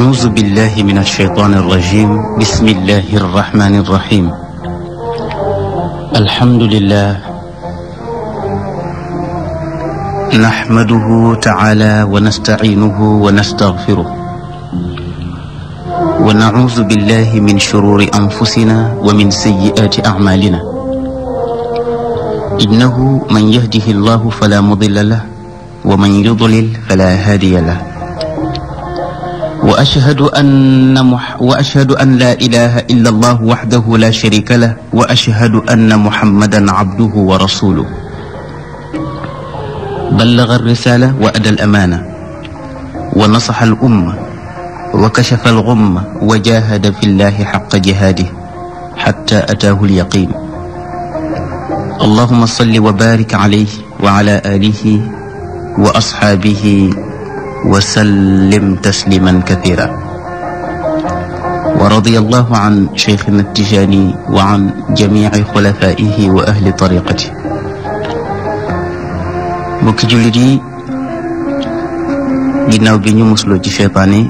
أعوذ بالله من الشيطان الرجيم بسم الله الرحمن الرحيم الحمد لله نحمده تعالى ونستعينه ونستغفره ونعوذ بالله من شرور أنفسنا ومن سيئات أعمالنا إنه من يهده الله فلا مضل له ومن يضلل فلا هادي له وأشهد أن مح وأشهد أن لا إله إلا الله وحده لا شريك له وأشهد أن محمدا عبده ورسوله بلغ الرسالة وأدى الأمانة ونصح الأمة وكشف الغمة وجاهد في الله حق جهاده حتى أتاه اليقين اللهم صل وبارك عليه وعلى آله وأصحابه وسلم تسليما كثيرا ورضي الله عن شيخنا التجاني وعن جميع خلفائه وأهل طريقته mbokki jullit yi ginnaaw bi ñu musloo ci seytaane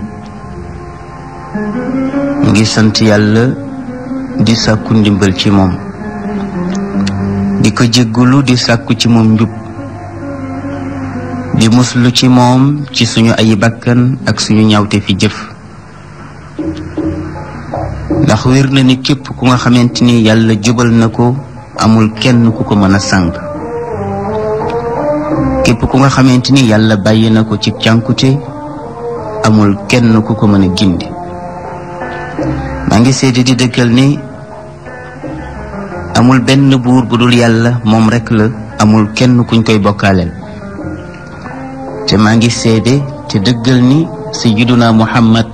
mu ngi sant yàlla di sakkundim ndimbal ci moom di ko jéggulu di sàkku ci moom njub li muslu ci moom ci suñu ay bakkan ak suñu ñawte fi jëf ndax wér na ni képp ku nga xamante ni yàlla jubal na ko amul kenn ku ko mën a sànq képp ku nga xamante ni yàlla bàyyi na ko ci cànkute amul kenn ku ko mën a gindi maa ngi seede di dëggal ni amul benn buur bu dul yàlla moom rekk la amul kenn kuñ koy bokkaaleel te maa ngi seede te dëggal ni sayyiduna muhammad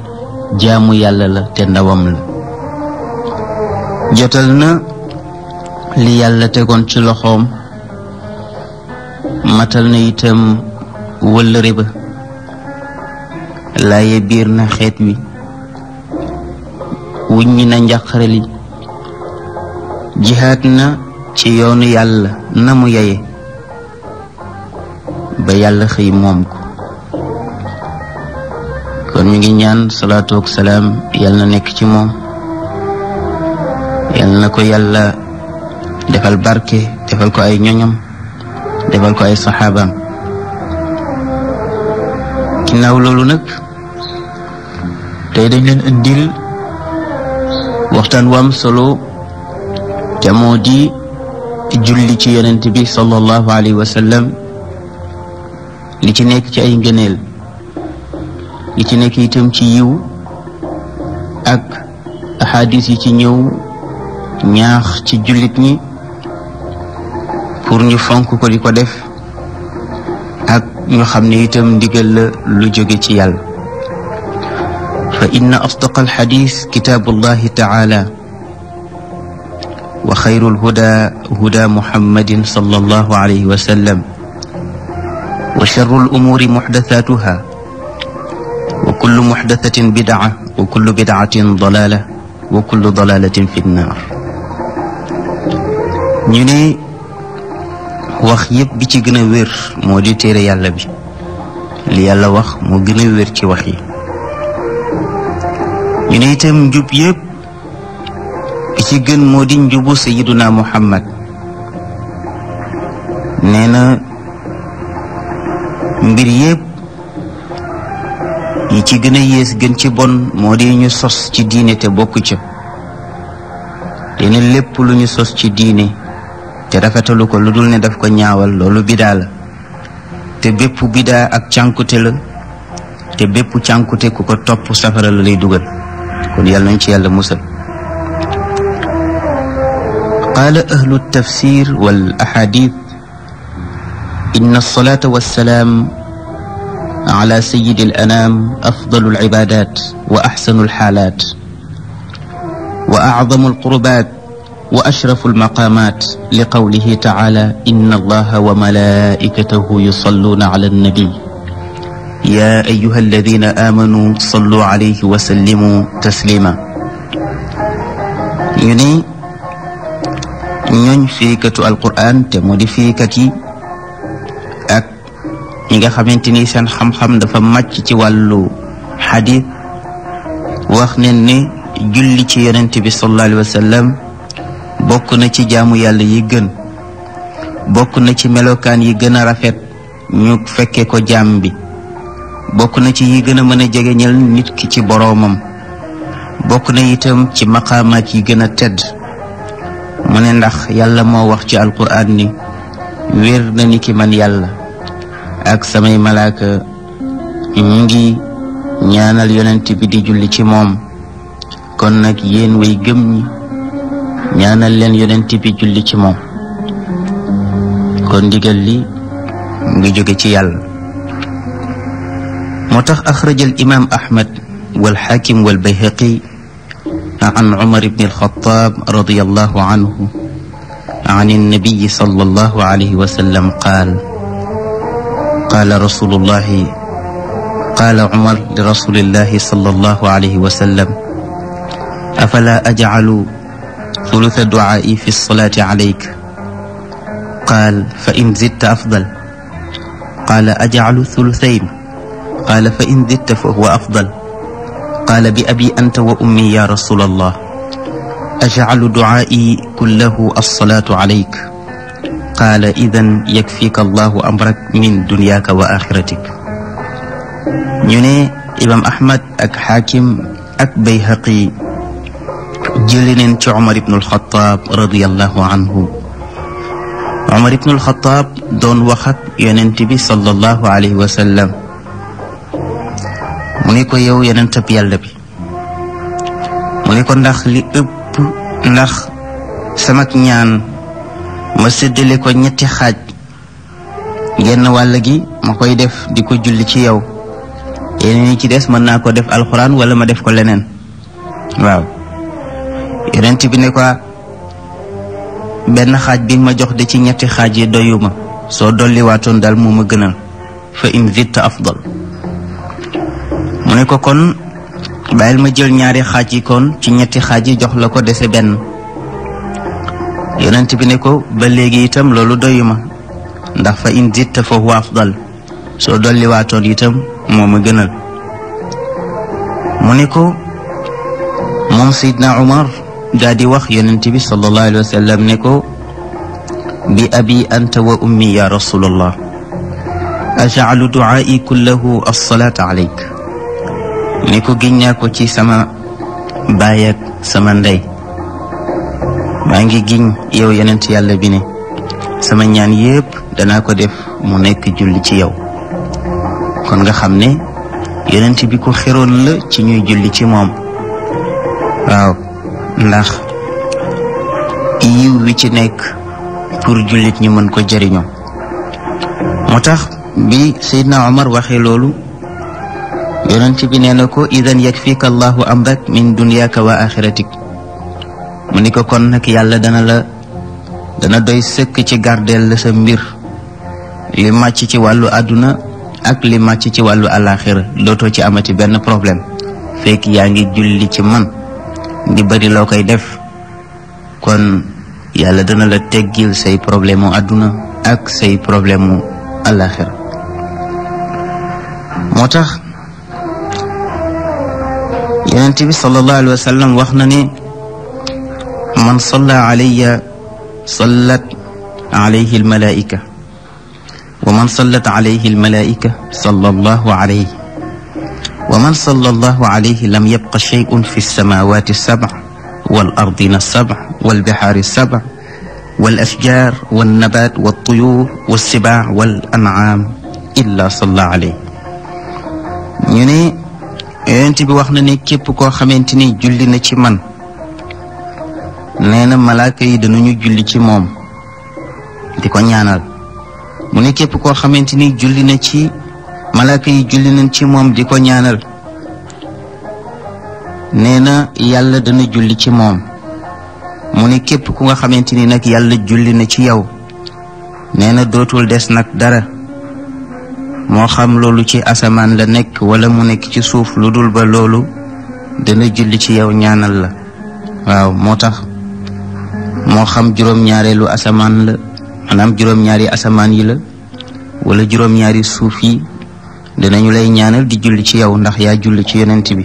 jaamu yàlla la te ndawam la jotal na li yàlla tegoon ci loxoom matal na itam wëllëre ba laaye biir na xeet wi wuññi na njàqare li jihaat na ci yoonu yàlla na mu yaye ba yàlla xëy moom kon mi ngi ñaan salaatu salaam yàlla na nekk ci moom yàlla na ko yàlla defal barke defal ko ay ñoñam defal ko ay saxaabaam ginnaaw loolu nag tey dañ leen indil waxtaan waam solo te moo di julli ci yonent bi sallallahu alayhi wa li ci nekk ci ay ngëneel li ci nekk itam ci yiw ak axadis yi ci ñëw ñaax ci jullit ñi pour ñu fonk ko di ko def ak ñu xam ne itam ndigal lu jóge ci yàlla fa inna asdaqa alxadis kitaabu llahi taala wa xayru alhuda huda muhammadin sallallahu alayhi wa sallam wa sharrul umuuri muxdasatuha wa kullu muxdasatin bidaa wa kullu bidaatin dalaala wa kullu dalaalatin fi nnaar ñu ne wax yépp bi ci gën a wér moo di téere yàlla bi li yàlla wax moo gën a ci wax yi ñu ne itam njub yépp bi ci gën moo di njubu sayiduna muhammad mbir yépp yi ci gën a yées gën ci bon moo di ñu sos ci diine te bokku ca dina lépp lu ñu sos ci diine te rafetalu ko lu dul ne def ko ñaawal loolu bidaa la te bépp bidaa ak cànkute la te bépp cànkute ku ko topp safara la lay dugal kon yàlla nañ ci yàlla musal qaala ahlu tafsir wal ahadith inna salata wassalaam ala sayyidi al anam afdalu al ibadat wa axsanu al xaalaat wa acdamu al qurbaat wa ashrafu al maqaamaat li qawlihi taala inna allaha wa malaa'ikatahu yusalluuna ala annabi yaa ayyuha alladina aamanuu sallu alayhi wa sallimu taslima ñu ni ñooñ fiikatu alquran te modifikat yi ñi nga xamante ni seen xam-xam dafa màcc ci wàllu xadis wax ne ni julli ci yonent bi sallallahu alayhi wa bokk na ci jaamu yàlla yi gën bokk na ci melokaan yi gën a rafet ñu fekke ko jaam bi bokk na ci yi gën a mën a jegeñal nit ki ci boroomam bokk na itam ci maqaamaat yi gën a tedd mu ne ndax yàlla moo wax ci alquraan ni wér na ni ki man yàlla ak samay malaaka ñu ngi ñaanal yonent bi di julli ci moom kon nag yéen way gëm ñaanal leen yonent bi julli ci moom kon ndigal li mu ngi jóge ci yàlla moo tax axraja al imaam ahmad wal xaakim wal bayhaqi an umar ibn alxataab radiallahu anhu an annabiyi sallallahu wa sallam qaal qaala rasulullahi qaala umar li rasulillahi sallallahu alayhi wa sallam afala ajcalu ثلث دعائي في الصلاة عليك قال فإن زدت أفضل قال أجعل ثلثين قال فإن زدت فهو أفضل قال بأبي أنت وأمي يا رسول الله أجعل دعائي كله الصلاة عليك qaala idan yakfika allahu amrak min dunyaaka wa axiratik ñu ne imam ahmad ak xaakim ak bayhaqi jëli neen ci omar ibnu alxataab radiallahu anhu omar ibnu alxataab doon wax ak yonent bi sallallahu alayhi wa sallam mu ne ko yow yonentab yàlla bi mu ne ko ndax li ëpp ndax samak ñaan ma seddale ko ñetti xaaj genn wàll gi ma koy def di ko julli ci yow yeneen yi ci des mën naa ko def alxuraan wala ma def ko leneen waaw yonent bi ne ko benn xaaj bi ma jox di ci ñetti xaaj yi doyuma soo dolliwaatoon dal moo ma gënal fa in zitta afdal mu ne ko kon bàyyil ma jël ñaari xaaj yi kon ci ñetti xaaj yi jox la ko dese benn yonent bi ne ko ba léegi itam loolu doyuma ndax fa in zitta fa huwa afdal soo dolliwaatoon itam moo ma gënal mu ne ko moom Seydina Umar daal wax yonent bi sallallahu alayhi wa ne ko bi abi anta wa ummi ya rasulallah ajaalu duaai kullahu alsalaata aleyk ne ko giñ ko ci sama baay sama ndey maa ngi giñ yow yonent yàlla bi ne sama ñaan yépp danaa ko def mu nekk julli ci yow kon nga xam ne yonent bi ko xeroon la ci ñuy julli ci moom waaw ndax yiw wi ci nekk pour jullit ñu mën ko jëriñoo moo tax bi Seydina Omar waxe loolu yonent bi nee na ko idan yakfika allahu amrak min dunyaaka wa axiratik mu ni ko kon nag yàlla dana la dana doy sëkk ci gardeel la sa mbir li màcc ci wàllu àdduna ak li màcc ci wàllu àllaaxira dootoo ci amati benn problème fekk yaa ngi julli ci man ngi bëri loo koy def kon yàlla dana la teggil say problème mu àdduna ak say problème mu àllaaxira moo tax yonent bi sallallahu wax na ni man salla alayya sallat alayhi almalaika wa man sallat alayhi almalaika salla allahu alayhi wa man salla allahu alayhi lam yabqa shay'un fi alsamawati alsab'a wal ardina alsab'a wal bihaari alsab'a wal ashjaar wal nabaat wal tuyuur wal sibaa wal an'aam illa salla alayhi ñu ne yonent bi wax na ne képp koo xamante ni julli na ci man nee na malaaka yi danañu julli ci moom di ko ñaanal mu ne képp koo xamante ni julli na ci malaaka yi julli nañ ci moom di ko ñaanal nee na yàlla dana julli ci moom mu ne képp ku nga xamante ni nag yàlla julli na ci yow nee na dootul des nag dara moo xam loolu ci asamaan la nekk wala mu nekk ci suuf lu dul ba loolu dana julli ci yow ñaanal la waaw moo tax moo xam juróom-ñaareelu asamaan la maanaam juróom-ñaari asamaan yi la wala juróom-ñaari suuf yi dinañu lay ñaanal di julli ci yow ndax yaa julli ci yonent bi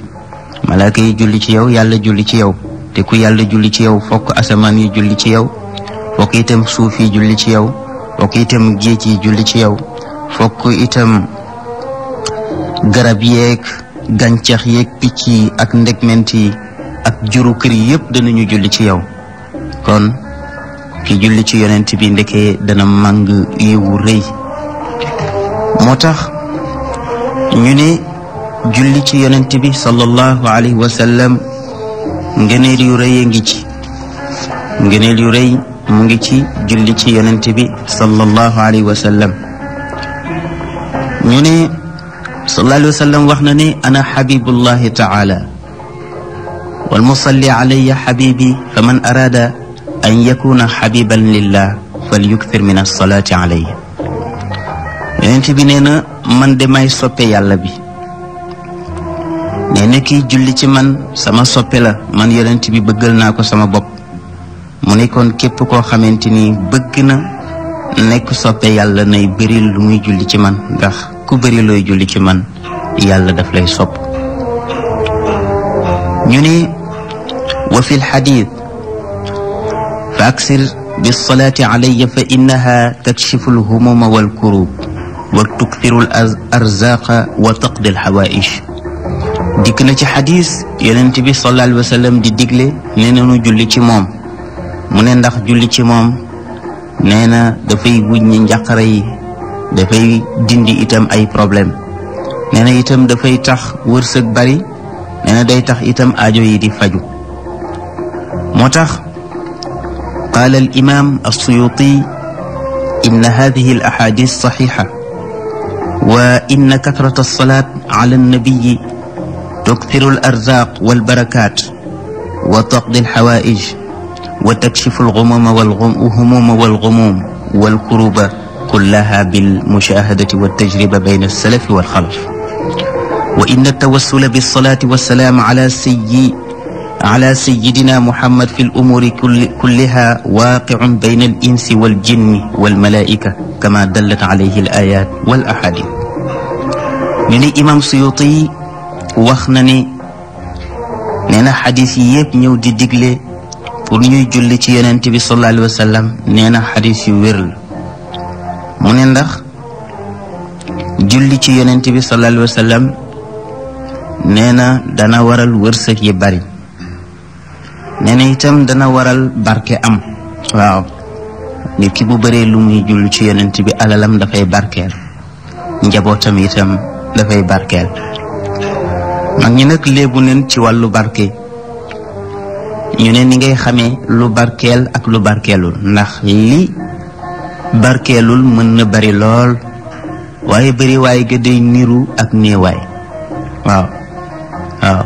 malaaka yi julli ci yow yàlla julli ci yow te ku yàlla julli ci yow fokk asamaan yi julli ci yow fokk itam suuf yi julli ci yow fokk itam géej yi ci yow fokk itam garab yeeg gàncax yeeg picc yi ak ndegment yi ak juru kër yi yépp danañu julli ci yow kon ki julli ci yonent bi ndeke dana màng yiwu rëy moo tax ñu ne julli ci yonent bi sallallahu alayhi wa sallam yu rëy a ngi ci ngëneel yu rëy mu ngi ci julli ci yonent bi sallallahu alayhi wa sallam ñu ne sallallahu alayhi wa wax na ne ana xabibullahi taala wal musalli alayya xabibi faman arada an yakuna xabiban lillah fal yukthir min alsalaati alayhi yonent bi nee na man de may soppe yàlla bi nee na julli ci man sama soppe la man yonent bi bëggal naa ko sama bopp mu nekkoon képp koo xamante ni bëgg na nekk soppe yàlla nay bëri lu muy julli ci man ndax ku bëri julli ci man yàlla daf lay sopp ñu ne wa fi lxadit fa aksir bilsalaati calaya fa innaha takshifu alhumuma walkurub wa tuktiru al arzaqa wa taqdi alxawaaij dikk na ci xadis yonent bi sallallahu alayhi di digle nee na nu julli ci moom mu ne ndax julli ci moom nee na dafay wuññi njàqare yi dafay dindi itam ay problème nee itam dafay tax wërsëg bari nee day tax itam ajo yi di faju moo tax قال الإمام السيوطي إن هذه الأحاديث صحيحة وإن كثرة الصلاة على النبي تكثر الأرزاق والبركات وتقضي الحوائج وتكشف الغموم والهموم والغموم والكروب كلها بالمشاهدة والتجربة بين السلف والخلف وإن التوسل بالصلاة والسلام على سيء ala sayidina muhammad fi l umuuri kulliha waaqicun bayna al insi wal jinni wal malaika kama dallat alayhi al ayat wal ahadith ñu ni imam suyuti wax na ni nee na xadis yi yëpp ñëw di digle pour ñuy julli ci yonent bi sallallahu alayhi wa sallam nee na xadis yu wér la mu ne ndax julli ci yonent bi sallallahu alayhi wa sallam nee na dana waral wërsëg yi bari nee itam dana waral barke am waaw nit ki bu baree lu muy julli ci yonent bi alalam dafay barkeel njabootam itam dafay barkeel nag léebu neen ci wàllu barke ñu ne ni ngay xamee lu barkeel ak lu barkeelul ndax li barkeelul mën na bari lool waaye bari waaye ga niru ak néewaay waaw waaw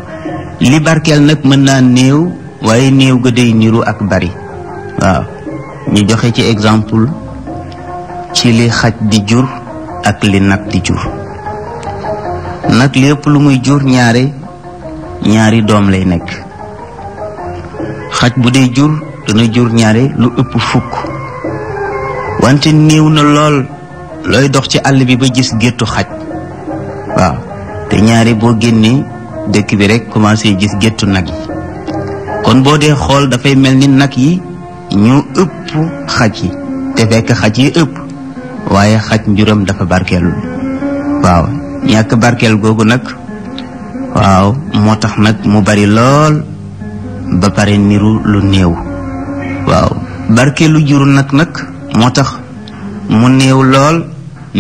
li barkeel nag mën naa néew waaye néew ga day niru ak bari waaw ñu joxe ci exemple ci li xaj di jur ak li nag di jur nag lépp lu muy jur ñaare ñaari doom lay nekk xaj bu dee jur dana jur ñaare lu ëpp fukk wante néew na lool looy dox ci àll bi ba gis géttu xaj waaw te ñaare boo génnee dëkk bi rekk commencé gis géttu nag yi kon boo dee xool dafay mel ni nag yi ñu ëpp xaj yi te fekk xaj yi ëpp waaye xaj njuram dafa barkeelul waaw ñàkk barkeel googu nag waaw moo tax nag mu bari lool ba pare niru lu néew waaw barkeelu juru nag nag moo tax mu néew lool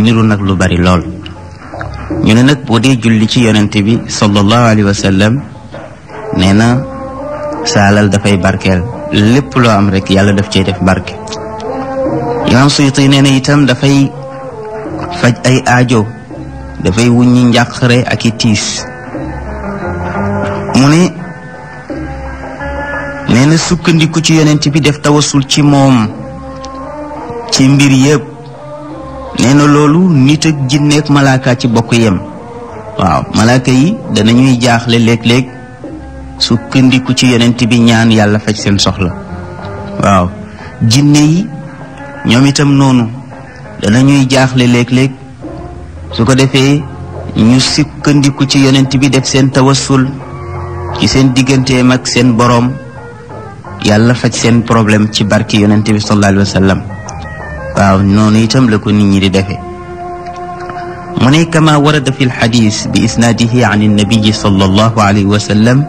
niru nag lu bari lool ñu ne nag boo dee julli ci yonente bi sallallahu alayhi wa nee na sa alal dafay barkeel lépp loo am rek yàlla daf cee def barke imaam suyuti nee na itam dafay faj ay ajo dafay wuññi njàqare ak i tiis mu ne nee na sukkandiku ci yonent bi def tawasul ci moom ci mbir yëpp nee loolu nit ak jinneek malaaka ci bokk yem waaw malaaka yi danañuy jaaxle léeg-léeg sukkandiku ci yonent bi ñaan yàlla faj seen soxla waaw jinne yi ñoom itam noonu dana ñuy jaaxle léeg-léeg su ko defee ñu sukkandiku ci yonent bi def seen tawassul ci seen digganteem ak seen boroom yàlla faj seen problème ci barki yonent bi sallallahu alayhi wa waaw noonu itam la ko nit ñi di defee mu ne kama warada fi lxadis bi isnaadihi an annabiyi sallallahu alayhi wa sallam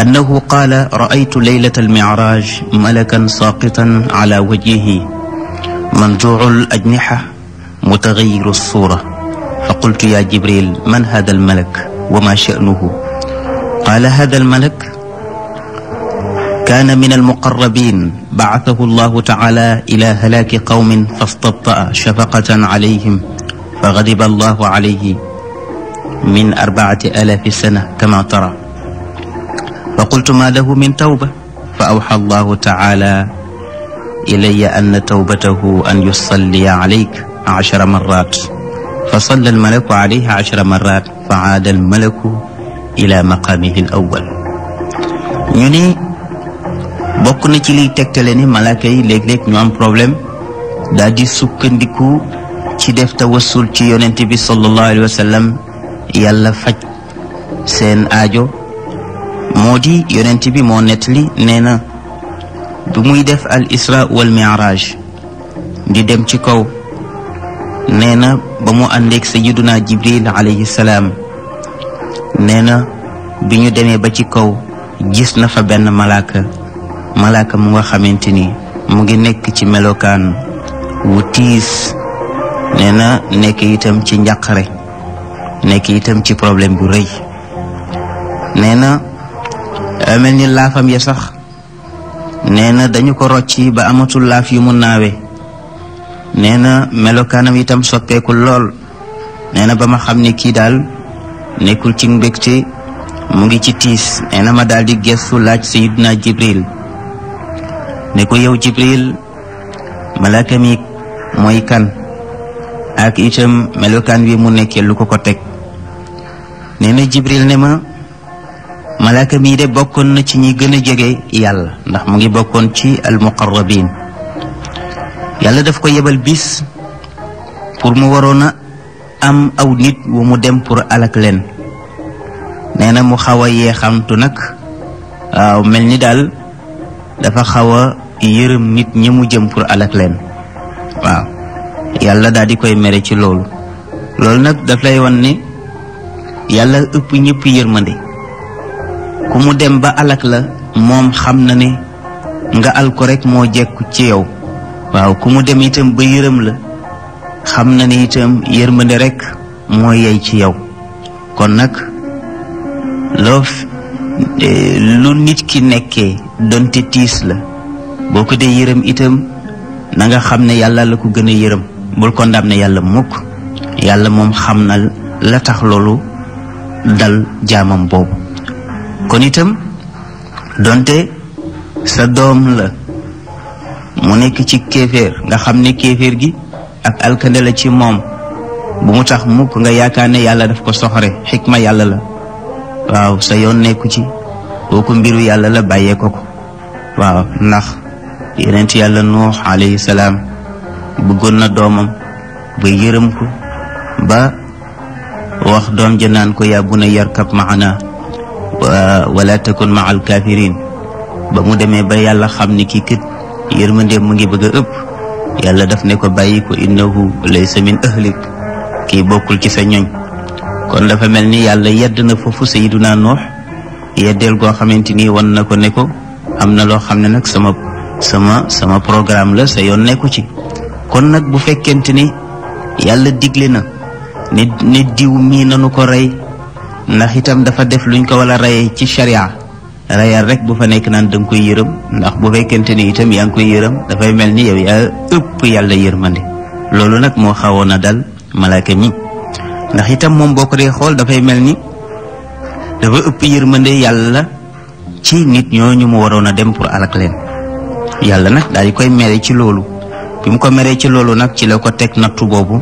annahu qaala raaytu leylata almiraaj malakan saqitan ala wajhihi manjuucu alajnixa mutagayiru alsuura fa qultu ya jibril man hada almalak wa ma sha'nuhu qaala hada almalak kaana min almuqarrabin bacatahu allahu taala ila halaaki qawmin fastabta'a shafaqatan calayhim fa gadiba allahu calayhi min arbaati alafi sana kama tara fa qultu ma lahu min tawba fa awxa allahu taala ilaya ann tawbatahu an yusalliya alayk achara marat fa salla almalaku alayhi achara marat fa aada almalaku ila maqaamihi al awal ñu ni bokk na ci liy tegtale ni malaaka yi léeg-léeg ñu am problème daal di sukkandiku ci def tawassul ci yonent bi sallallahu alayhi wa sallam yàlla faj seen aajo moo di yonent bi moo nettali nee na bu muy def al isra wal di dem ci kaw nee na ba mu àndeeg sayiduna jibril alayhi salaam nee na bi ñu demee ba ci kaw gis na fa benn malaaka malaaka mu nga xamante ni mu ngi nekk ci melokaan wu tiis nee na nekk itam ci njàqare nekk itam ci problème bu rëy nee Eh, mel ni laafam ya sax nee na dañu ko rocci ba amatul laaf yu mu naawe nee na melokaanam itam soppeekul lool nee na ba ma xam ne kii daal nekkul ci mbégte mu ngi ci tiis nee na ma daal di gestu laaj sayiduna jibril ne ko yow jibril malaaka mi mooy kan ak itam melokaan wi mu nekkee lu ko ko teg nee na ne ma malaaka mii de bokkoon na ci ñi gën a jege yàlla ndax mu ngi bokkoon ci almuqarrabin yàlla daf ko yebal bis pour mu waroon a am aw nit wu mu dem pour alak leen nee na mu xaw a xamtu nag waaw mel ni daal dafa xaw a yërëm nit ñi mu jëm pour alak leen waaw yàlla daal di koy mere ci loolu loolu nag daf lay wan ne yàlla ëpp ñëpp yërmande ku mu dem ba alak la moom xam na ni nga al ko rek moo jekku ci yow waaw ku mu dem itam ba yërëm la xam na ni itam yërmande rekk moo yey ci yow kon nag loo lu nit ki nekkee donte tiis la boo ko dee yërëm itam na nga xam ne yàlla la ko gën a yërëm bul ko ndam ne yàlla mukk yàlla moom xam na la tax loolu dal jaamam boobu kon itam donte sa doom la mu nekk ci kéeféer nga xam ne kéeféer gi ak alkande la ci moom bu mu tax mukk nga yaakaar ne yàlla def ko soxore xikma yàlla la waaw sa yoon nekku ci kooku mbiru yàlla la bàyyee ko ko waaw ndax yàlla nuux alayhi salaam bëggoon na doomam ba yërëm ko ba wax doom ja naan ko yaa bu na yarkab maana wala takun ma al kafirin ba mu demee ba yàlla xam ni kii kët yërmandeem mu ngi bëgg a ëpp yàlla daf ne ko bàyyi ko innahu laysa min ahlik kii bokkul ci sa ñoñ kon dafa mel ni yàlla yedd na foofu sayiduna noox yeddeel goo xamante ni wan na ko ne ko am na loo xam ne nag sama sama sama programme la sa yoon nekku ci kon nag bu fekkente ni yàlla digle na ne ne diw mii nanu ko rey ndax itam dafa def luñ ko wala reye ci sharia reyal rek bu fa nekk naan da koy yërëm ndax bu fekkente ni itam yaa ngi koy yërëm dafay mel ni yow yaa ëpp yàlla yërmande loolu nag moo xawoon a dal malaaka mi ndax itam moom boo ko dee xool dafay mel ni dafa ëpp yërmande yàlla ci nit ñooñu mu waroon a dem pour alak leen yàlla na daal di koy mere ci loolu bi mu ko meree ci loolu nag ci la ko teg nattu boobu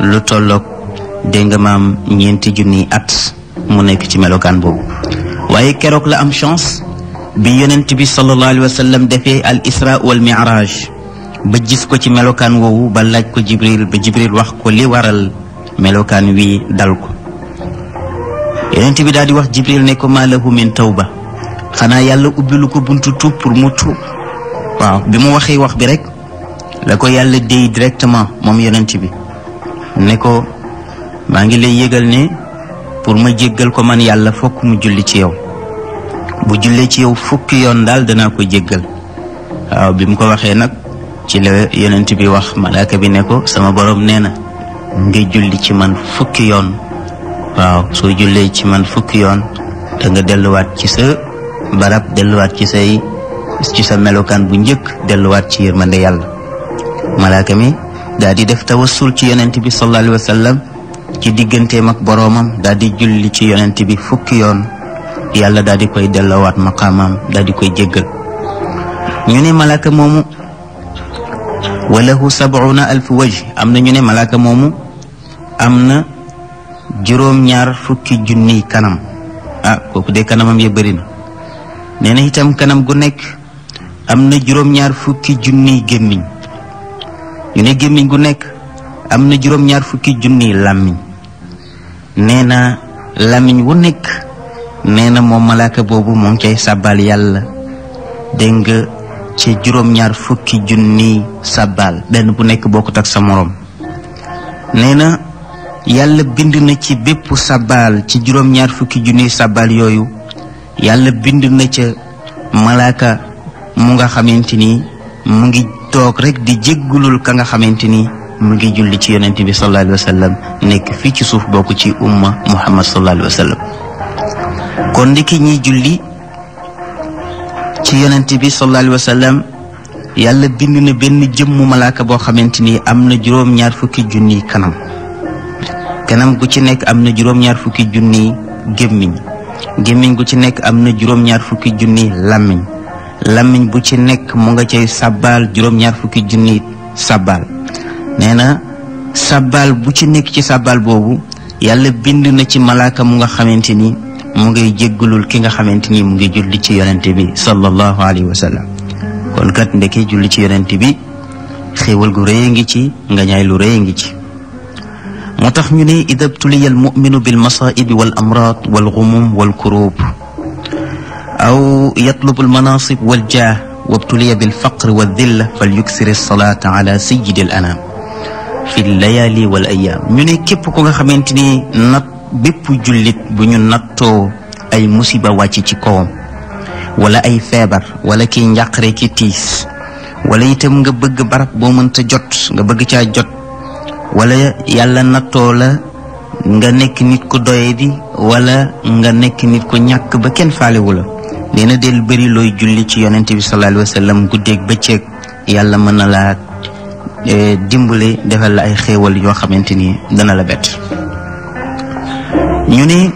lu tolloog dégg nga maam ñeenti junniy at mu nekk ci melokaan boobu waaye keroog la am chance bi yonent bi sallallahu alayhi wa sallam defee al isra wal mi'raj ba gis ko ci melokaan woowu ba laaj ko jibril ba jibril wax ko li waral melokaan wi dal ko yonent bi daal di wax jibril ne ko ma lahu min tawba xanaa yàlla ubbilu ko buntu tuub pour mu waaw bi mu waxee wax bi rek la ko yàlla déy directement moom yonent bi ne ko maa ngi lay yëgal ne pour ma jéggal ko man yàlla fokk mu julli ci yow bu jullee ci yow fukki yoon daal danaa ko jéggal waaw bi mu ko waxee nag ci la yonent bi wax malaaka bi ne ko sama boroom nee na nga julli ci man fukki yoon waaw soo jullee ci man fukki yoon danga delluwaat ci sa barab delluwaat ci say ci sa melokaan bu njëkk delluwaat ci yërmande yàlla malaaka mi daal di def tawassul ci yonent bi sallallahu alayhi ci diggante mag boroomam daal di julli ci yonent bi fukki yoon yàlla daal di koy delloowaat maqaamaam daal di koy jéggal ñu ne malaaka moomu walahu sabuuna alf waj am na ñu ne malaaka moomu am na juróom-ñaar fukki junniy kanam ah, kooku de kanamam ya bëri na nee na itam kanam gu nekk am na juróom-ñaar gémmiñ ñu ne gémmiñ gu nekk am na juróom-ñaar fukki junniy làmmiñ nee na lamiñ wu nekk nee na moom malaaka boobu mu ngi cay sàbbaal yàlla dégg nga ci juróom-ñaar fukki junni sàbbaal benn bu nekk bokkut ak sa moroom nee na yàlla bind na ci bépp sàbbaal ci juróom-ñaar fukki junni sàbbaal yooyu yàlla bind na ca malaaka mu nga xamante ni mu ngi toog rek di jéggulul ka nga xamante ni mu ngi julli ci yonent bi sallallahu alayhi nekk fii ci suuf bokk ci umma muhammad sallallahu alayhi kon ndiki ñiy julli ci yonent bi sallallahu alayhi yàlla bind na benn jëmmu malaaka boo xamante ni am na juróom-ñaar fukki junni kanam kanam gu ci nekk am na juróom-ñaar fukki junni gémmiñ gémmiñ gu ci nekk am na juróom-ñaar fukki bu ci nekk mu nga cay sàbbaal juróom-ñaar fukki junni sàbbaal nee na sàbbaal bu ci nekk ci sàbbaal boobu yàlla bind na ci malaaka mu nga xamante ni mu ngay jéggalul ki nga xamante ni mu ngi julli ci yonente bi sallallahu alayhi wa sallam kon kat ndeke julli ci yonente bi xéewal gu rëy a ngi ci nga ñaay lu rëy a ngi ci moo tax ñu ne ida btuliya al muminu bil masaa'ibi wal amraad wal xumum wal kuruub aw yatlubu al manaasib wal wa wabtuliya bil faqri wal dilla fal yuksir as fi layali wal ayam ñu ne képp ko nga xamante ni nat bépp jullit bu ñu nattoo ay musiba wàcc ci kawam wala ay feebar wala kiy njàqare ki tiis wala itam nga bëgg barab boo mënta jot nga bëgg caa jot wala yàlla nattoo la nga nekk nit ku doyadi wala nga nekk nit ko ñàkk ba kenn faalewu la nee na del bëri looy ci yonent bi sallallahu alayhi wa sallam guddeeg yàlla mën na laa Eh, dimbale defal la ay xéewal yoo xamante ni dana la bett ñu ni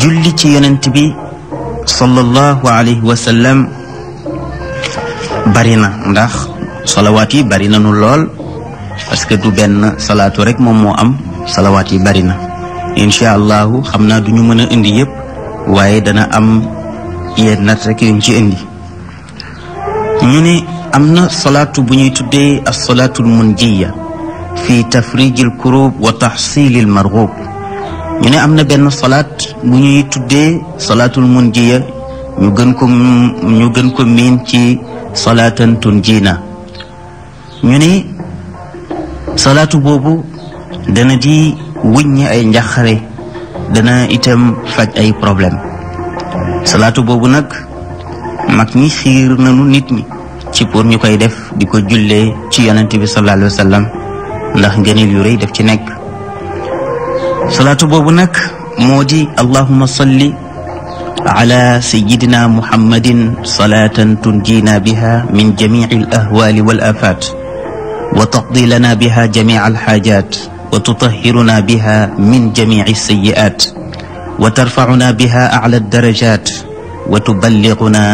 julli ci yonent bi sallallahu alayhi wa bari na ndax salawaat yi bari nañu lool parce que du benn salaatu rek moom moo am salawaat yi bari na incha allahu xam naa du ñu mën a indi yépp waaye dana am yenn nat rek yuñ ci indi ñu ne am na salaatu bu ñuy tuddee assalaatul munjiya fi tafrijil kurub wa taxsilil margub ñu ne am na benn salaat bu ñuy tuddee salaatul munjiya ñu gën ko gën ko miin ci salaatan tunjiina ñu ni salaatu boobu dana di wuññi ay njaxare dana itam faj ay problème salaatu boobu nag mag ñi xiir nanu nit ñi ci pour ñu koy def di ko jullee ci yonent bi sallallahu alayhi wa sallam ndax ngëneel yu rëy def ci nekk salaatu boobu nag moo di allahuma salli ala sayidina muhammadin salaatan tunjina biha min jamici al ahwaali wal afaat wa taqdi lana biha jamica alxaajaat wa tutahiruna biha min jamici alsayi'aat wa tarfacuna biha acla aldarajaat wa tuballiguna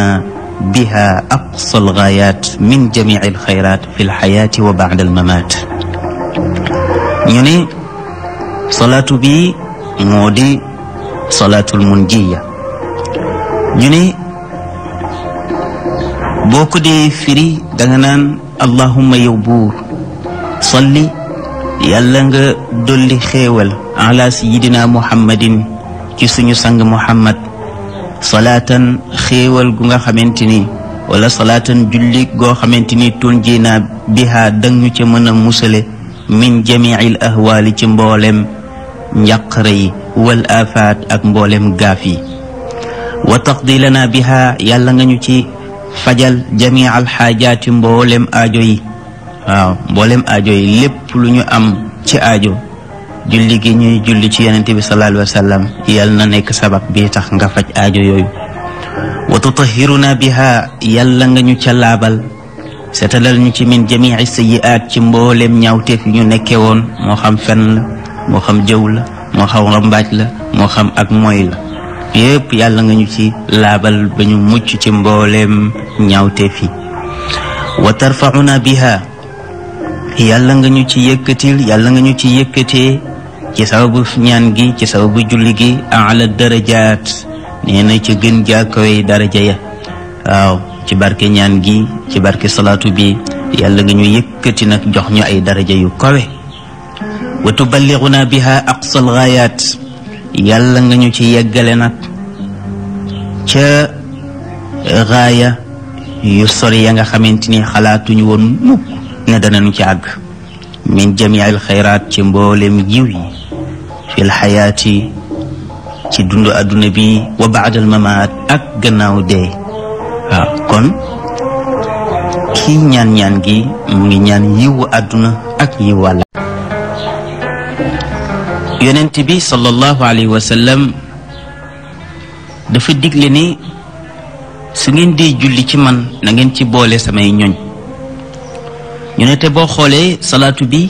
biha aqsa algaayat min jamici alxayrat fi alxayaati wa bacda almamaat ñu ne salaatu bi moo di salaatul munjiya ñu ne boo ko dee firi danga naan allahumma yow buur salli yàlla nga dolli xéewal ala sayidina muhammadin ci suñu sang muhammad salaatan xéewal gu nga xamante ni wala salaatan julli goo xamante ni tunji naa bihaa dangñu ci mën a musale min jamiil ahwaali ci mboolem njàqare yi wal afaat ak mboolem gaaf yi wa taqdi lana yàlla nga ñu ci fajal jamii alxaajaati mboolem aajo yi waaw mboolem aajo yi lépp lu ñu am ci aajo julli gi ñuy julli ci yonente bi sallallahu alayhi wa sallam yal na nekk sabab bi tax nga faj aajo yooyu wa tutahiruna biha yàlla nga ñu ca laabal seetalal ñu ci min jamii sayiaat ci mbooleem ñaawteef yu ñu nekke woon moo xam fen la moo xam jëw la moo xam rambaaj la moo xam ak moy la yépp yàlla nga ñu ci laabal ba ñu mucc ci mbooleem ñaawteef yi wa tarfauna biha yàlla nga ñu ci yëkkatil yàlla nga ñu ci yëkkatee ci sababu ñaan gi ci sababu julli gi ala darajaat nee na ci gën jàkkawey daraja ya waaw ci barke ñaan gi ci barke salaatu bi yàlla nga ñu yëkkati nag jox ñu ay daraja yu kawe wa tuballiguna biha aqsal gaayaat yàlla nga ñu ci yeggale nag ca gaaya yu sori ya nga xamante ni xalaatuñu woon mukk ne danañu ci àgg min jamiil xayraat ci mboolem jiw yi fi lxayaati ci dundu àdduna bi wa baadal mamaat ak gannaaw dee waaw kon kii ñaan-ñaan gi mu ngi ñaan yiwu àdduna ak yiwu àlla yonent bi sallallahu alayhi ni su ngeen di julli ci man na ci boole samay ñoñ ñu salaatu bi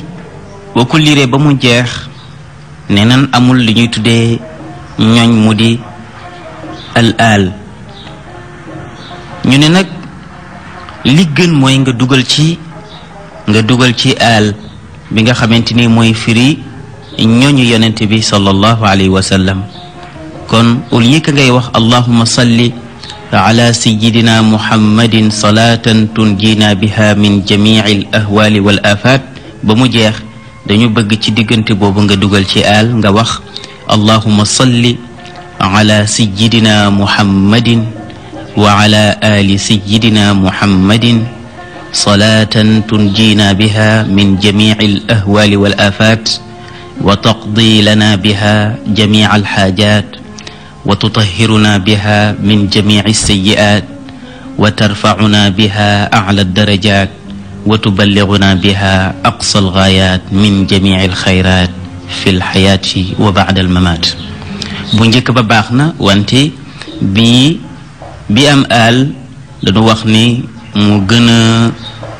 boo ko liiree ba mu jeex nee nan amul li ñuy tuddee ñoñ mu di al al ñu ne nag li gën mooy nga dugal ci nga dugal ci al bi nga xamante ni mooy firi ñooñu yonent bi sallallahu alayhi wa sallam kon au lieu ngay wax allahuma salli ala sayidina muhammadin salaatan tunjina biha min jamici al ahwali wal afat ba mu jeex dañu bëgg ci diggante boobu nga dugal ci aal nga wax allahuma salli ala sayidina muhammadin wa ala ali sayidina muhammadin salaatan tunjiina biha min jamici al ahwaali wal afaat wa taqdi lana biha jamica al xaajaat wa tutahhiruna biha min jamici sayyi'aat wa tarfacuna biha acla darajaat wa tuballiguna biha aqsa algaayat min jamici alxayrat fi lxayaati wa baada almamaat bu njëkk ba baax na wante bii bi am aal dañu wax ni moo gën a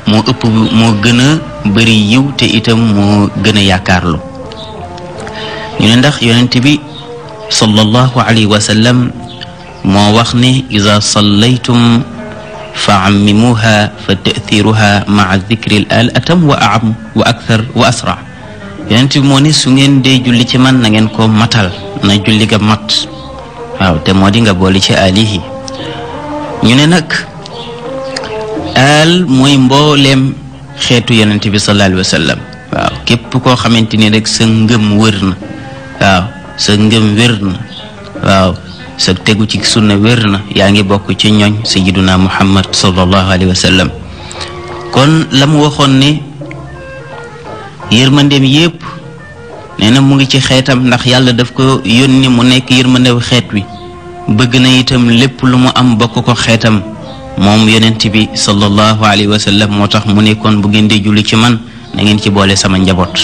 moo ëpp moo gën a bëri yiw te itam moo gën a yaakaarlu ñu ne ndax yonent bi sallallahu alayhi wa sallam moo wax ne iza sallaytum faammimuha fa taathiruha maa dicri atam wa aam wa akthar wa asra yonent bi su ngeen de julli ci man na ngeen ko matal na julli mat waaw te moo di nga boole alihi ñu ne nag al mooy mbooleem xeetu yonent bi sallallahu alayhi waaw képp koo xamante ni rek sa ngëm wër na waaw sa ngëm waaw sa tegu ci sunna wér na yaa ngi bokk ci ñooñ sayyiduna muhammad sallallahu alayhi wa sallam kon la mu waxoon ne yërmandeem yépp nee na mu ngi ci xeetam ndax yàlla daf ko yónni mu nekk yërmandew xeet wi bëgg na itam lépp lu mu am bokk ko xeetam moom yonent bi sallallahu alayhi wa sallam moo tax mu ne kon bu ngeen di julli ci man na ngeen ci boole sama njaboot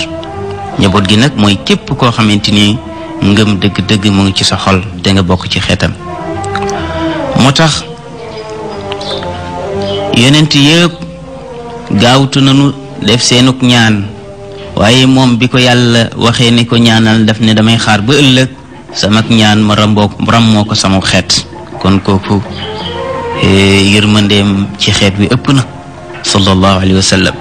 njaboot gi nag mooy képp koo xamante ngëm dëgg-dëgg mu ngi ci sa xol da nga bokk ci xeetam moo tax yeneent yëpp gaawtu nañu def seenuk ñaan waaye moom bi ko yàlla waxee ni ko ñaanal daf ne damay xaar ba ëllëg samak ñaan ma ramboo rammoo ko sama xeet kon kooku e, yërmandeem ci xeet wi ëpp na sallallahu alayhi wa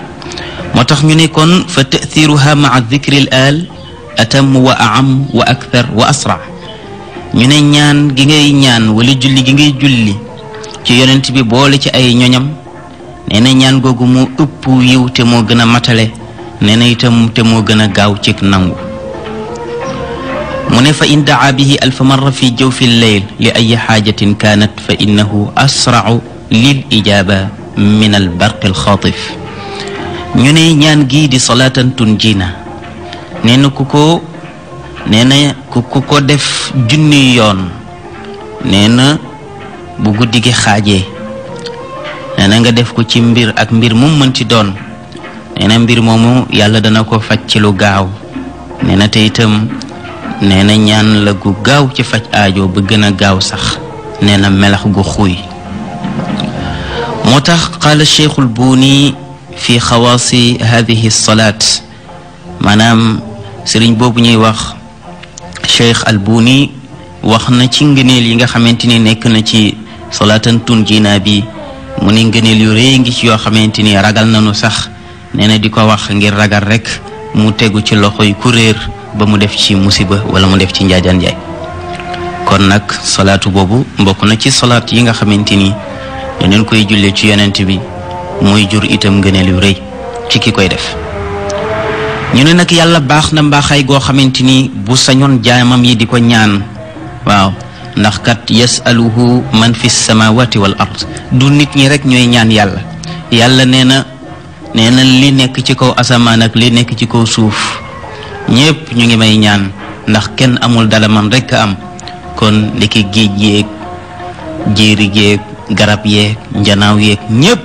moo tax ñu ne kon fa tatiruha maa dikri al atam wa aam wa akthar wa asra ñu ne ñaan gi ngay ñaan wala julli gi ngay julli ci yonent bi boole ci ay ñoñam nee na ñaan googu moo ëpp yiw te moo gën a matale ne na te moo gën a gaaw cig nangu mu ne fa in daa bihi alfa marra fi jawfi lleyl li ayi xaajatin kaanat fa innahu asrau lil ijaaba min albarqi alxaatif ñu ne ñaan gii di salaatan tunjina nee na ku ko nee na ku ko def junni yoon nee na bu guddi gi xaajee na nga def ko ci mbir ak mbir mu mën ci doon nee mbir moomu yàlla dana ko faj ci lu gaaw nee na te nee na ñaan la gu gaaw ci faj aajo ba gën a gaaw sax nee na melax gu xuy moo tax qaala cheikhul buuni fi xawaasi hadihi salaat maanaam sëriñ boobu ñuy wax Cheikh Albuni wax na ci ngëneel yi nga xamante ni nekk na ci solaatan tun jinaa bi mu ni ngëneel yu rëy ngi ci yoo xamante ni ragal nañu sax nee di ko wax ngir ragal rek mu tegu ci loxo loxoy kuréer ba mu def ci musiba wala mu def ci njaajaan njaay kon nag solaatu boobu mbokk na ci solaat yi nga xamante ni dañ koy julle ci yonent bi muy jur itam ngëneel yu rëy ci ki koy def ñu ne nag yàlla baax na mbaaxaay goo xamante ni bu sañoon jaamam yi di ko ñaan waaw ndax kat yasaluhu man fi samawati wal ard du nit ñi rek ñooy ñaan yàlla yàlla nee na nee na li nekk ci kaw asamaan ak li nekk ci kaw suuf ñépp ñu ngi may ñaan ndax kenn amul dala man rek am kon li ki géej yéeg jéeri géeg garab yeeg njanaaw yeeg ñépp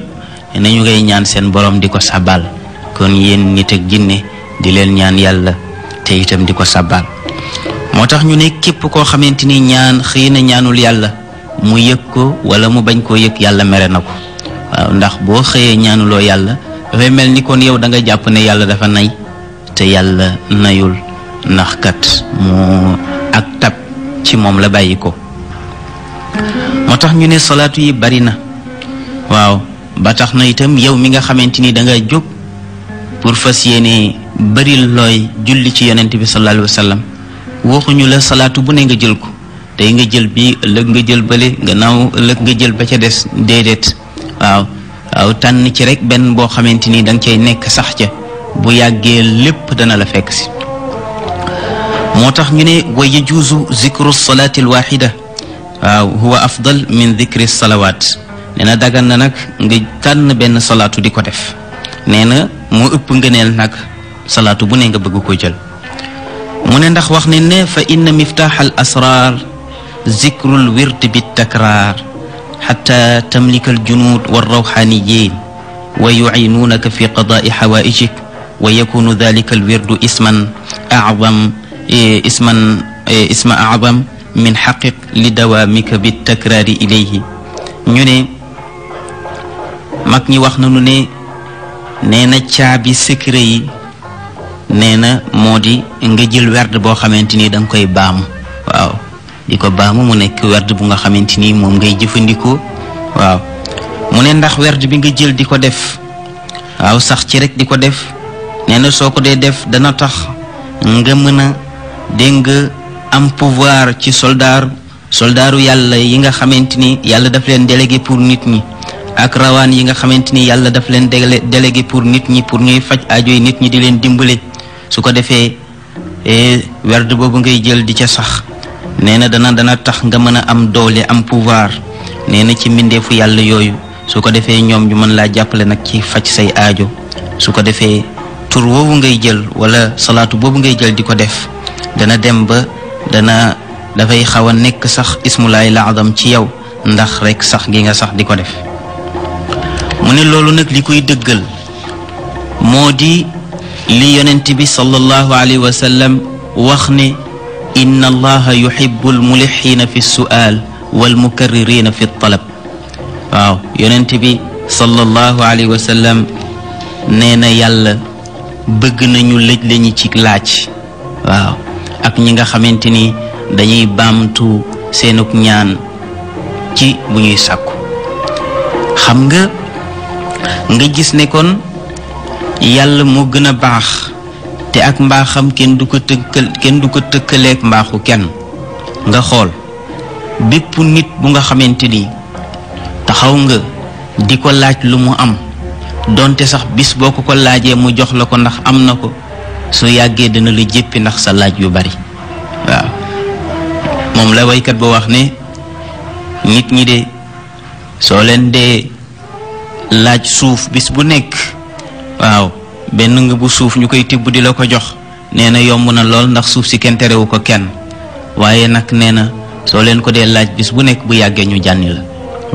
nañu ngay ñaan seen borom di ko sabal kon yéen nit ak jinne di leen ñaan yàlla te itam di ko sàbbaal moo tax ñu ne képp koo xamante ni ñaan xëy na ñaanul yàlla mu yëg ko wala mu bañ koo yëg yàlla mere na ko waaw ndax boo xëyee ñaanuloo yàlla dafay mel ni kon yow danga jàpp ne yàlla dafa nay te yàlla nayul ndax kat mu ak tab ci moom la bàyyi ko moo tax ñu ne salaatu yi bari waaw ba tax na itam yow mi nga xamante ni jóg pour fas yéene baril looy julli ci yonent bi sallallahu alayhi waxuñu la salaatu bu ne nga jël ko tey nga jël bi ëllëg nga jël bële gannaaw ëllëg nga jël ba ca des déedéet waaw waaw tànn ci rek benn boo xamante ni danga nga cay nekk sax ca bu yàggee lépp dana la fekk si moo tax ñu ne wa yajuuzu zikru salaati alwaxida waaw huwa afdal min dikri salawaat nee na dagan na nag nga tànn benn salaatu di ko def nee na moo ëpp ngëneel nag salaatu bu ne nga bëgg ko jël mu ne ndax wax ne ne fa inna miftaaxal asraar zikrul wird bi takraar xataa tamlikal junuud wa rawxaaniyiin wa yucinuunaka fi qadaai xawaaijik wa yakunu dalika al wirdu isman acdam eh, isman eh, isma acdam min xaqiq li dawaamika bi takraari ilayhi ñu ne mag ñi wax nanu ne nee na caabi secret yi nee na moo di nga jël werd boo xamante ni da koy baamu waaw di ko baamu mu nekk werd bu nga xamante ni moom ngay jëfandikoo waaw mu ne ndax werd bi nga jël di ko def waaw sax ci rek di ko def nee na soo ko dee def dana tax nga mën a dégg nga am pouvoir ci soldaar soldaaru yàlla yi nga xamante ni yàlla daf leen délégué pour nit ñi ak yi nga xamante ni yàlla daf leen délégué pour nit ñi pour ñuy faj aajo yi nit ñi di leen dimbale su ko defee eh, werd boobu ngay jël di ca sax nee na dana dana tax nga mën a am doole am pouvoir nee na ci mbindeefu yàlla yooyu su ko defee ñoom ñu mën laa jàppale nag ci faj say aajo su ko defee tur woowu ngay jël walla salaatu boobu ngay jël di ko def dana dem ba dana dafay xaw a nekk sax ismulaay la adam ci yow ndax rek sax gi nga sax di ko def mu ne loolu nag li koy dëggal moo di li yonent bi sallallahu alayhi wa sallam wax ne inna allaha yuhibbu almulixiina fi su'aal walmukarririna fi talab waaw yonent bi sallallahu alayhi wa sallam nee na yàlla bëgg nañu lëj lañu ci laaj waaw ak ñi nga xamante ni dañuy baamtu seenug ñaan ci bu ñuy sàkku xam nga nga gis ne kon yàlla moo gën a baax te ak mbaaxam kenn du ko tëkkal kenn du ko tëkkaleeg mbaaxu kenn nga xool bépp nit bu nga xamante ni taxaw nga di ko laaj lu mu am donte sax bis boo ko ko laajee mu jox la ko ndax am na ko su yàggee dina la jéppi ndax sa laaj yu bari waaw moom la waykat ba wax ne nit ñi de soo leen dee laaj suuf bis bu nekk waaw benn nga bu suuf ñu koy tibb di la ko jox nee na yomb na lool ndax suuf si kenn terewu ko kenn waaye nag nee na soo leen ko dee laaj bis bu nekk bu yàggee ñu jànni la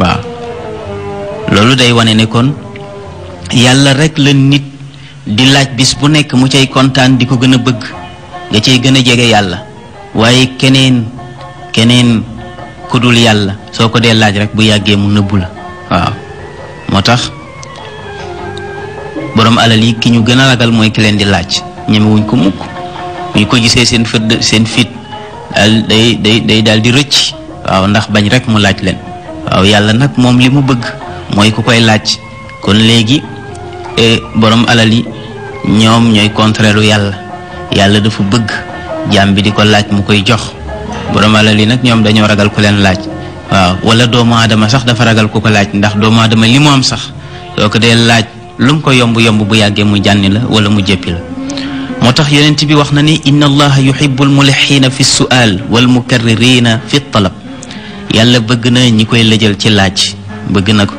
waaw day wane ne kon yàlla rek la nit di laaj bis bu nekk mu cay kontaan di ko gën a bëgg nga cay gën a jege yàlla waaye keneen keneen ku dul yàlla soo ko dee laaj rek bu yàggee mu nëbbu la waaw moo tax borom alal yi ki ñu gën a ragal mooy ki leen di laaj ñemewuñ ko mukk buñ ko gisee seen fëdd seen fit day day day daal di rëcc waaw ndax bañ rek mu laaj leen waaw yàlla nag moom li mu bëgg mooy ku koy laaj kon léegi eh, boroom alal yi ñoom ñooy contraire lu yàlla yàlla dafa bëgg jaam bi di ko laaj mu koy jox borom alal yi nag ñoom dañoo ragal ko leen laaj waaw wala doomu aadama sax dafa ragal ku ko laaj ndax doomu aadama li mu am sax doo ko dee laaj. lu mu ko yomb yomb bu yàggee mu jànni la wala mu jéppi la moo tax yonent bi wax na ni inna allaha yuhibbul mulixiina fi su'aal wal mukarririna fi talab yàlla bëgg na ñi koy lëjal ci laaj bëgg na ko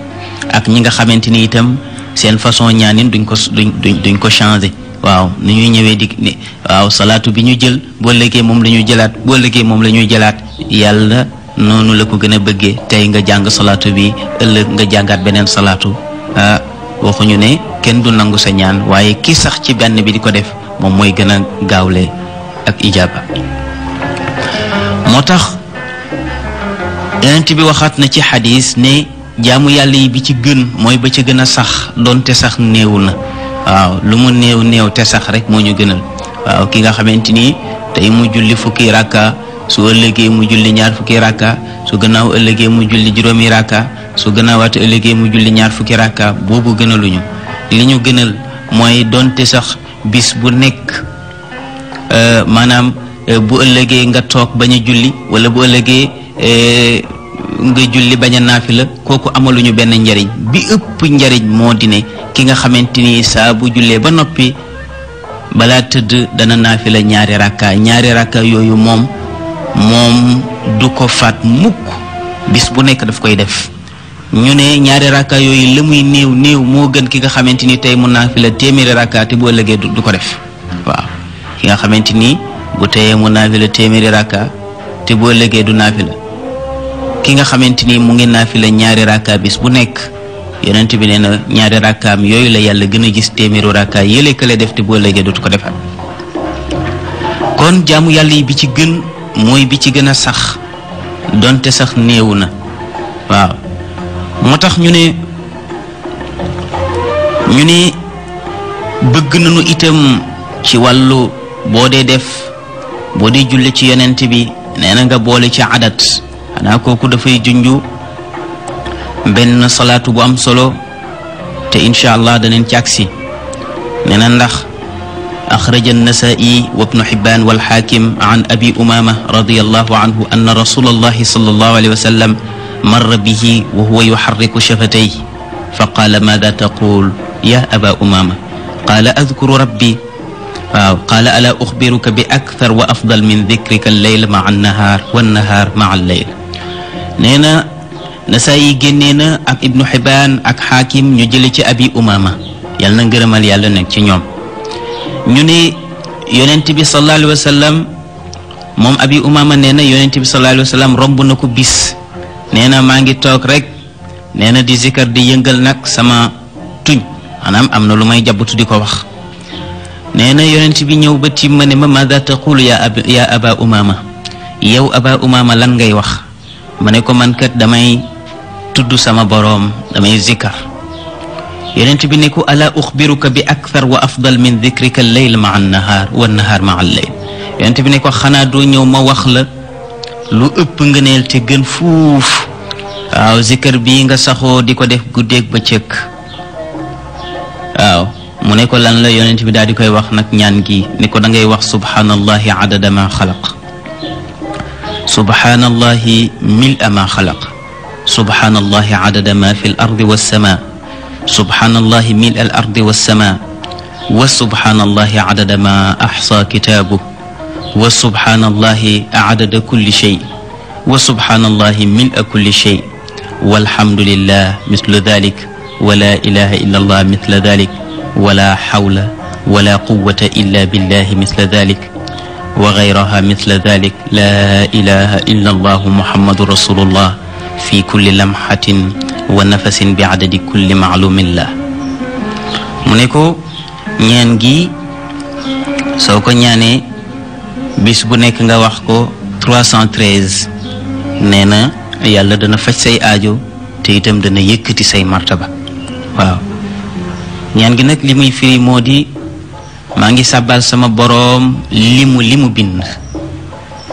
ak ñi nga xamante ni itam seen façon ñaanin duñ ko duñ duñ ko changé waaw ni ñuy ñëwee di ni waaw salaatu bi ñu jël boo léegee moom la ñuy jëlaat boo léegee moom la ñuy jëlaat yàlla noonu la ko gën a bëggee tey nga jàng salaatu bi ëllëg nga jàngaat beneen salaatu ah. ñu ne kenn du nangu sa ñaan waaye kii sax ci benn bi di ko def moom mooy gën a gaawle ak ijaaba moo tax yonent bi waxaat na ci xadis ne jaamu yàlla yi bi ci gën mooy ba ca gën a sax doonte sax néew na waaw lu mu néew néew te sax rek moo ñu gënal waaw ki nga xamante ni tey mu julli fukki rakka su ëllëgee mu julli ñaar fukki rakka su gannaaw ëllëgee mu julli juróomi rakka su gënaawaate ëllëgee mu julli ñaar fukki rakka boobu gënaluñu li ñu gënal mooy donte sax bis bu nekk euh, maanaam euh, bu ëllëgee nga toog bañ a julli wala bu ëllëgee euh, nga julli bañ a la kooku amaluñu benn njariñ bi ëpp njariñ moo di ne ki nga xamante ni saa bu jullee ba noppi balaa tëdd dana naafila ñaari rakka ñaari rakka yooyu moom moom du ko faat mukk bis bu nekk daf koy def ñu ne ñaari rakka yooyu la muy néew néew moo gën ki nga xamante ni tey mun naa fi la téeméeri rakka te boo ëllëgee du ko def waaw ki nga xamante ni bu teyee mu naafi la téeméeri rakka te boo ëllëgee du naafi ki nga xamante ni mu ngi naafi la ñaari rakka bis bu nekk yeneenti bi nee na ñaari rakkaam yooyu la yàlla gën a gis téeméeru rakka yële kële def te boo ëllëgee dootu ko defaat kon jaamu yàlla yi bi ci gën mooy bi ci gën a sax donte sax néewu na waaw moo tax ñu ne ñu ne bëgg nañu itam ci wàllu boo dee def boo dee julli ci yonent bi nee na nga boole ci adat xanaa kooku dafay junju benn salaatu bu am solo te incha allah danañ ci agsi nee na ndax axraja annasaa'i wa ibnu xibbaan walxaakim an abi umama radiallahu anhu anna rasulallahi sallallahu alayhi wa sallam marra bihi wa huwa yuxarriku shafatay fa qaala maada taqul ya aba umama qaala adkuru rabbi waaw qaala alaa uxbiruka bi akthar wa afdal min dikrika alleyla maa annahaar wannahaar maa alleyl nee na nasaa yi génnee na ak ibnu xibaan ak xaakim ñu jële ci abi umama yàlla na ngërëmal yàlla nekk ci ñoom ñu ne yonent bi sallallahu alayhi wa sallam moom abi umama nee na yonent bi sallallahu alayhi wa sallam romb na ko bis nee na maa ngi toog rek nee na di zikar di yëngal nag sama tuñ maanaam am na lu may jàbbatu di ko wax nee na yonent bi ñëw ba ci ma ne ma maada taqulu ya ab ya aba umama yow aba umama lan ngay wax ma ne ko man kat damay tudd sama boroom damay zikar yonent bi ne ko ala uxbiruka bi akthar wa afdal min dikrika al-layl ma an-nahaar wa an-nahaar ma al-layl yonent ne ko xanaa doo ñëw ma wax la lu ëpp ngëneel te gën fuuf waaw zikkër bii nga saxoo di ko def guddeeg bëccëg waaw mu ne ko lan la yonent bi daal di koy wax nag ñaan gi ne ko dangay wax subhaanallahi adada ma xalaq subhaanallahi mil a ma xalaq subhaanallahi adada ma fi l ardi wassama subhaanallahi mil al ardi wassama wa subhaanallahi adada ma axsa kitaabu wa subhaanallahi adada kulli walhamdulillah mislu dalik wala ilaha illa allah dalik wala xawla wala quwata illa billahi misla dalik wa gayraha misla dalik la ilaha illa allahu muhammadu rasulullah fi kulli lamxatin wa nafasin bi adadi kulli maalumin la wax ko 313 yàlla dana faj say aajo te itam dana yëkkati say martaba waaw ñaan gi nag li muy firi moo di maa ngi sàbbal sama boroom li mu li mu bind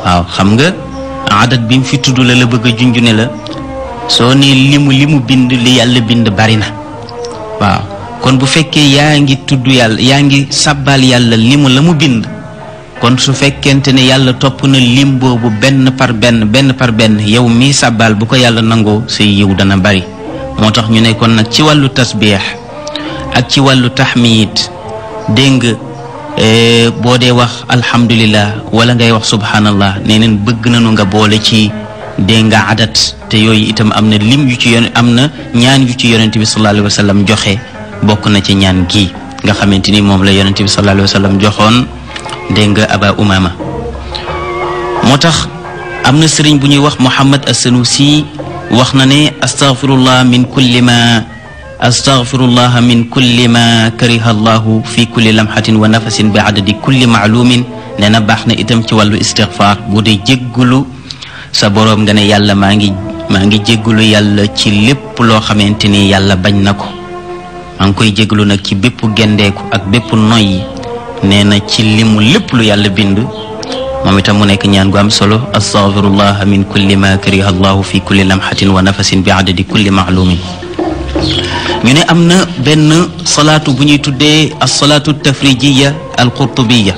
waaw xam nga adat bi mu fi tudd la la bëgg junjune la soo ne limu mu li mu bind li yàlla bind bari na waaw kon bu fekkee yaa ngi tudd yàlla yaa ngi sàbbal yàlla li la mu bind kon su fekkente ne yàlla topp na lim boobu benn par benn benn par benn yow mii sàbbaal bu ko yàlla nangoo say yiw dana bari moo tax ñu ne kon nag ci wàllu tasbiix ak ci wàllu taxmiid dégg nga eh, boo dee wax alhamdulillah wala ngay wax subhanallah ne neen bëgg nañu nga boole ci dégg nga adat te yooyu itam am na lim yu ci yon am na ñaan yu ci yonent bi sallallahu alayhi wa sallam joxe bokk na ci ñaan gi nga xamante ni moom la yonent bi sallallahu alayhi wa sallam joxoon dégg nga Aba Umama moo tax am na sëriñ bu ñuy wax Muhammad as si wax na ne astaghfirullah min kulli ma astaghfirullah min kulli ma kariha allahu fi kulli lamxatin wa nafasin bi adadi kulli maalumin nee na baax na itam ci wàllu istigfaar boo dee jéggulu sa boroom nga ne yàlla maa ngi maa ngi jéggulu yàlla ci lépp loo xamante ni yàlla bañ na ko maa ngi koy jégglu nag ci bépp gendeeku ak bépp noyyi nee na ci limu lépp lu yàlla bind moom itam mu nekk ñaan gu am solo astaghfirullah min kulli ma kariha allahu fi kulli lamhatin wa nafasin bi adadi kulli maalumin ñu ne am na benn salaatu bu ñuy tuddee alsalaatu tafrijiya alqurtubiya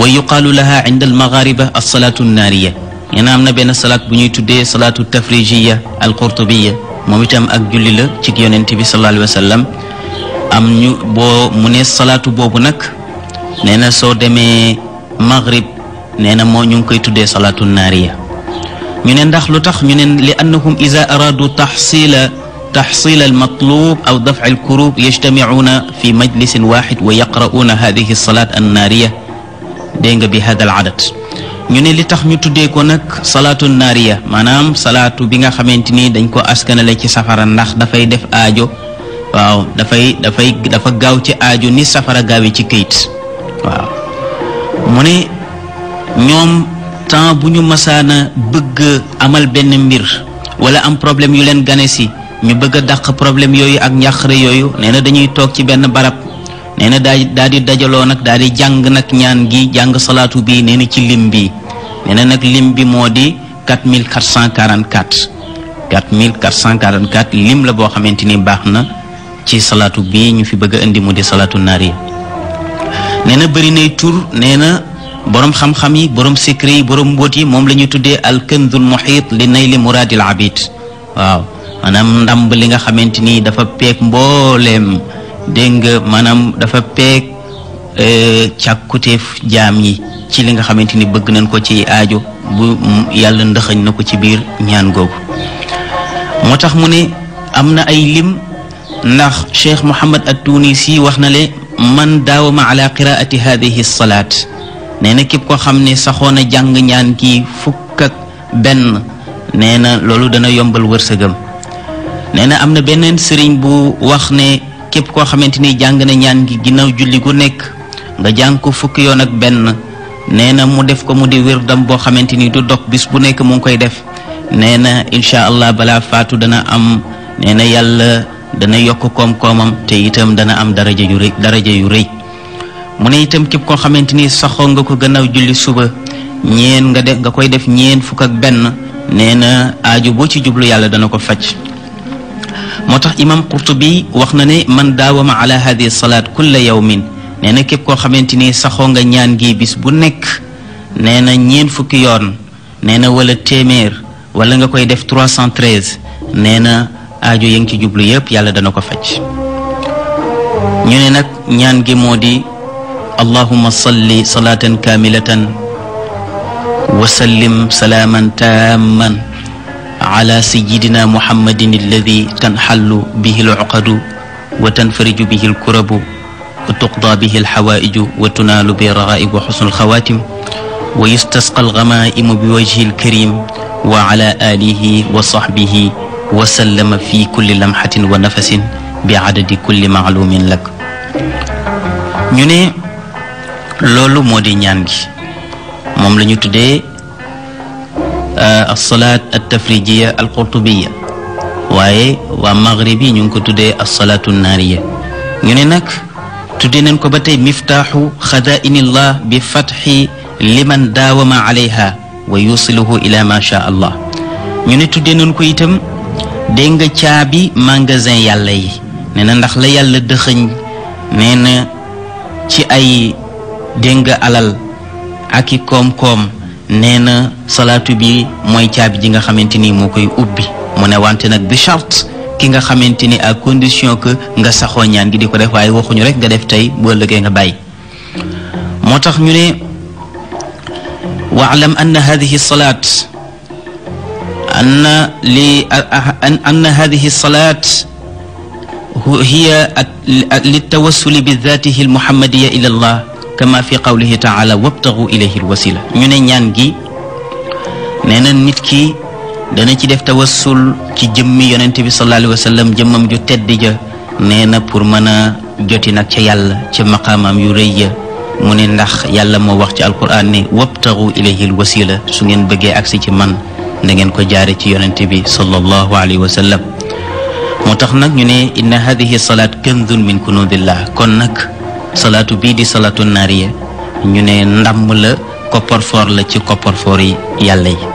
wa yuqaalu laha inda almaghariba alsalaatu naariya ñu ne am na benn salaat bu ñuy tuddee salaatu tafrijiya alqurtubiya moom itam ak julli la ci yonent bi sallallahu alayhi wa sallam am ñu boo mu ne salaatu boobu nag nee na soo demee maghrib nee na moo ñu ngi koy tuddee salaatu naariya ñu ne ndax lu tax ñu ne li annahum ida araadu taxsila taxsila almatlub aw dafca alkurub yajtamicuuna fi majlisin waxid wa yaqra'uuna hadihi alsalaat annaariya dégg nga bi ñu ne li tax ñu tuddee ko nag salaatu naariya maanaam salaatu bi nga xamante ni dañ ko askanale ci safara ndax dafay def aajo waaw dafay dafay dafa gaaw ci aajo ni safara gaawee ci këyit waaw mu ne ñoom temps bu ñu masaana bëgg amal benn mbir wala am problème yu leen gane si ñu bëgg a dàq problème yooyu ak njàqare yooyu nee na dañuy toog ci benn barab nee na daa daal di dajaloo nag daal di jàng nag ñaan gi jàng salaatu bi nee na ci lim bi nee na nag lim bi moo di 4444 4444 lim la boo xamante ni baax na ci salaatu bii ñu fi bëgg indi mu di salaatu yi nee na bëri nay tur nee na borom xam-xam yi boroom secret yi borom mbóot yi moom la ñuy tuddee alkëndul muxiit li nay li muraadil abid waaw maanaam ndamb li nga xamante ni dafa peeg mbooleem dégg nga maanaam dafa peeg eh, càkkuteef jaam yi ci li nga xamante ni bëgg nañ ko ci aajo bu yàlla ndëxañ na ko ci biir ñaan googu moo tax mu ne am na ay lim ndax Cheikh Mouhamad at Tunisi wax na le man daawama ala qiraati hadihi salaat nee na képp koo xam ne saxoon a jàng ñaan kii fukk ak benn nee na loolu dana yombal wërsëgam nee na am na beneen sëriñ bu wax ne képp koo xamante ni jàng na ñaan gi ginnaw julli gu nekk nga jàng ko fukki yoon ak benn nee na mu def ko mu di wirdam boo xamante ni du dog bis bu nekk mu ngi koy def nee na allah balaa faatu dana am nee yàlla dana yokk koom-koomam te itam dana am daraja yu rëy daraja yu rëy mu ne itam képp koo xamante ni saxoo nga ko gannaaw julli suba ñeen nga def nga koy def ñeen fukk ak benn nee na aaju boo ci jublu yàlla dana ko faj moo tax imam bi wax na ne man daawama ala hadihi salaat kulla yawmin nee na képp koo xamante ni saxoo nga ñaan gi bis bu nekk nee na ñeen fukki yoon nee na wala téeméer wala nga koy def 313 nee aajo ya ngi ci jublu yépp yàlla dana ko faj ñu ne nag ñaan gi moo di allahuma salli salaatan kaamilatan wa sallim salaaman taamman ala sayidina muhammadin alladi tanxallu bihi alcuqadu wa tanfariju bihi alkurabu wa tuqda bihi alxawaa'iju wa tunaalu bi ragaa'ib wa xusnu alxawaatim wa yustasqa algamaa'imu bi wajhi alkarim wa ala aalihi wa saxbihi wa sallama fi kulli lamxatin wa nafasin bi adadi kulli maalumin lak ñu ne loolu moo di ñaan gi moom la ñu tuddee euh, alsalaat altafrijiya alqurtubiya waaye waa maghrib yi ñu ngi ko tuddee alsalaatu naariya ñu ne nag tuddee nañ ko ba tey miftaaxu xadainillah bi fatxi liman daawama alayha wa yusiluhu ila ma sha allah ñu ne tuddee nañ ko itam dégg nga caabi magasin yàlla yi nee na ndax la yàlla dëxëñ nee na ci ay dégg nga alal ak i koom-koom nee na salaatu bi mooy caabi ji nga xamante ni moo koy ubbi mu ne wante nag bi charte ki nga xamante ni à condition nga saxoo ñaan gi di ko def waaye waxuñu rek nga def tey bu ëllëgee nga bàyyi moo tax ñu ne waalam anna hadihi salaat أن أن هذه الصلاة هي للتوسل بذاته المحمدية إلى الله كما في قوله تعالى وابتغوا إليه الوسيلة ñu ne ñaan gi nee na nit ki dana ci def tawassul ci jëmmi yonent bi sallallahu alayhi jëmmam ju tedd ja nee na pour mën a joti nag ca yàlla ca maqaamaam yu rëy mu ne ndax yàlla moo wax ci alquran ne wabtagu ilayhi alwasila su ngeen bëggee agsi ci man na ngeen ko jaare ci yonente bi sallallahu alayhi wa sallam moo tax nag ñu ne inna hadihi salaat kanzun min kunuzillah kon nag salaatu bii di salaatu naariya ñu ne ndàmm la kopparfoor la ci kopparfoor yi yàlla yi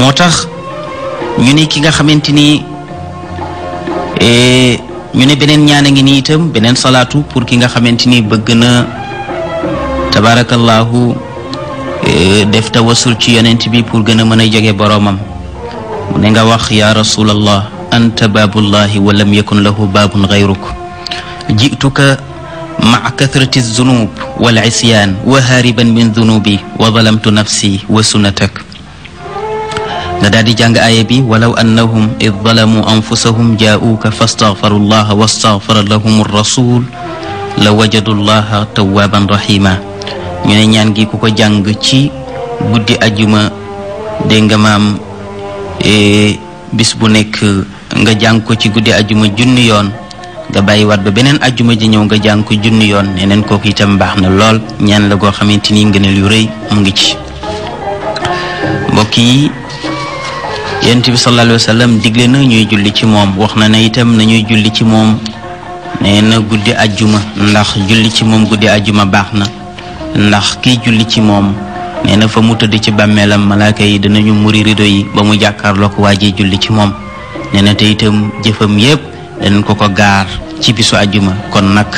moo tax ñu ne ki nga xamante ni e, ñu ne beneen ñaan a ngi nii itam beneen salaatu pour ki nga xamante ni bëgg na tabarakallahu Eh, def tawasul ci yonent bi pour gën a mën a jege boroomam mu ne nga wax yaa rasulallah anta baabullahi wa lam yakun lahu baabun gayruk jituka maa kathrati zunub wal isyaan wa haariban min dunubi wa zalamtu nafsi wa sunatak nga daal di jàng aaya bi walaw annahum id zalamu anfusahum jaa'uuka fastaghfaru llaha wastaghfara lahum rasul la wajadu llaha tawaaban rahima ñu ne ñaan gi ku ko jàng ci guddi ajuma dégg nga maam e, bis bu nekk nga jàng ko ci guddi ajuma junni yoon nga bàyyiwaat ba beneen ajuma ji ñëw nga jàng ko junni yoon neneen kooku itam baax na lool ñaan la goo xamante ni ngëneel yu rëy mu ngi ci mbokk yi yonent bi sallallahu alayhi wa sallam digle na ñuy julli ci moom wax na ne itam nañuy julli ci moom nee na guddi ajuma ndax julli ci moom guddi ajuma baax na ndax kiy julli ci moom nee na fa mu tëdd ci bàmmeelam malaaka yi dinañu muri rido yi ba mu waa ji julli ci moom nee na te itam jëfam yépp danañ ko ko gaar ci bisu àjjuma kon nag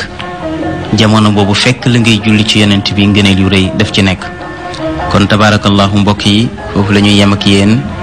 jamono boobu fekk la ngay julli ci yenent bi ngëneel yu rëy daf ci nekk kon tabaarakallaahu mbokk yi foofu lañuy ñuy yem ak yéen